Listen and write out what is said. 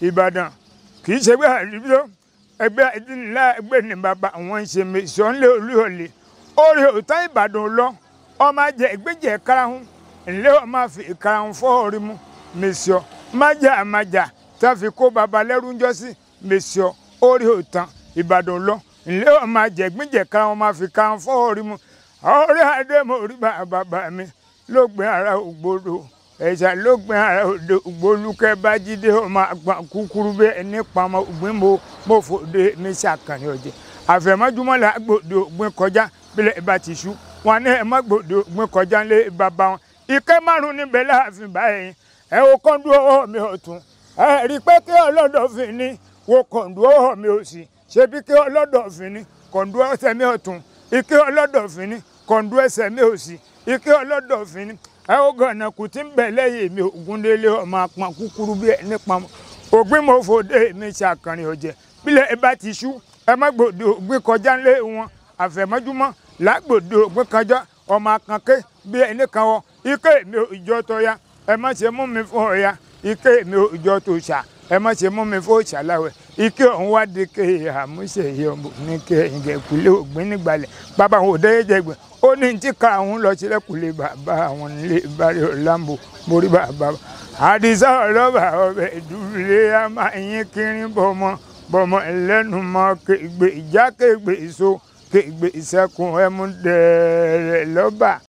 ìbàdàn kì í ṣe pé àdìbò ẹgbẹ́ ìdílé ẹgbẹ́ ní bàbá àwọn ṣe mẹsàn-án-lé olúyọ̀lé orí òtán ìbàdàn lọ ọmọ ajẹ ìgbẹ́jẹ̀ karahun ńlẹ́ ọmọ àfi karahun fọ́ọ̀rí mu mẹsàn májà àmàjà táfi kó bàbá lẹ́rú ńjọ́ sí mẹsàn orí òtán ìbàdàn lọ ńlẹ́ ọmọ ajẹ ìgbẹ́jẹ̀ karahun ọmọ àfi karahun fọ́ọ̀rí mu ọ̀rẹ́ adé mo rí bàbá mi ló gbé ara ògbódò ẹ̀sà ló gbìn ara òde gbolúkẹ́ bá jíde ọmọ àgbọn kúkúrú bẹ́ẹ̀ nípa ọmọ ògbìn mo mo fòde mi sàkànnì ọ̀jẹ̀ àfẹ̀mọ́júmọ́ là gbòdo ògbìn kọjá bílẹ̀ ìbá ti ṣú wọn ní ẹ̀mọ́ gbòdo ògbìn kọjá lé bàbá wọn ìkẹ́ márùn níbẹ̀ láàfin báyìí ẹ wo kọ́ńdú ọwọ́ mi ọ̀tún ẹ rí pé kí ọlọ́dọ̀fin ni wo kọ́ńdú ọwọ́ mi òsì ṣebí kí ọlọ́dọ̀fin ni kọ́ńdú ẹsẹ̀ mi ọ̀tún ìkẹ́ ọlọ́dọ̀fin ni kọ́ńdú ẹsẹ̀ mi òsì ìkẹ́ ọlọ́dọ̀fin ni ẹ ó gànà kù tí ń bẹ̀ lẹ́yìn mi Ògúndélé ọmọ apọn kúkúrú bí ẹni pọn ògbín mo fòde mi ṣàkànrin ọ̀jẹ̀ bílẹ̀ ẹ bá ti ṣú ẹ má gbòdo ògbín kọjá ńlé wọn àfẹ̀mọ́júmọ́ lágbòdo ògbín kọjá ọmọ akànké bí ẹni kan wọ ike mi ìjọ tó ya ẹ má ṣe mú mi fún ọ̀ya ike mi ìjọ tó ṣà ẹ má ṣe mú mi fún òṣàláwẹ̀ ike òun wá di ke àmúṣe yìí ọmọ ní ke ìgẹ̀kulé ògbín nígbàlẹ̀ bàbá òun ò dẹ́yẹ́jẹ̀gbẹ̀ ó ní tí ká àwọn lọ sílẹ̀kùlé bàbá àwọn nílé ìbárẹ̀ ọ̀làǹbò borí bàbá àdìsá ọlọ́ba ọbẹ̀ ìdúlé a máa yín kiri bọ̀mọ bọ̀mọ ẹlẹ́nu mọ kégbè ìjà kégbè ìso kégbè ìsẹ́kùn ẹmu lọ́ba.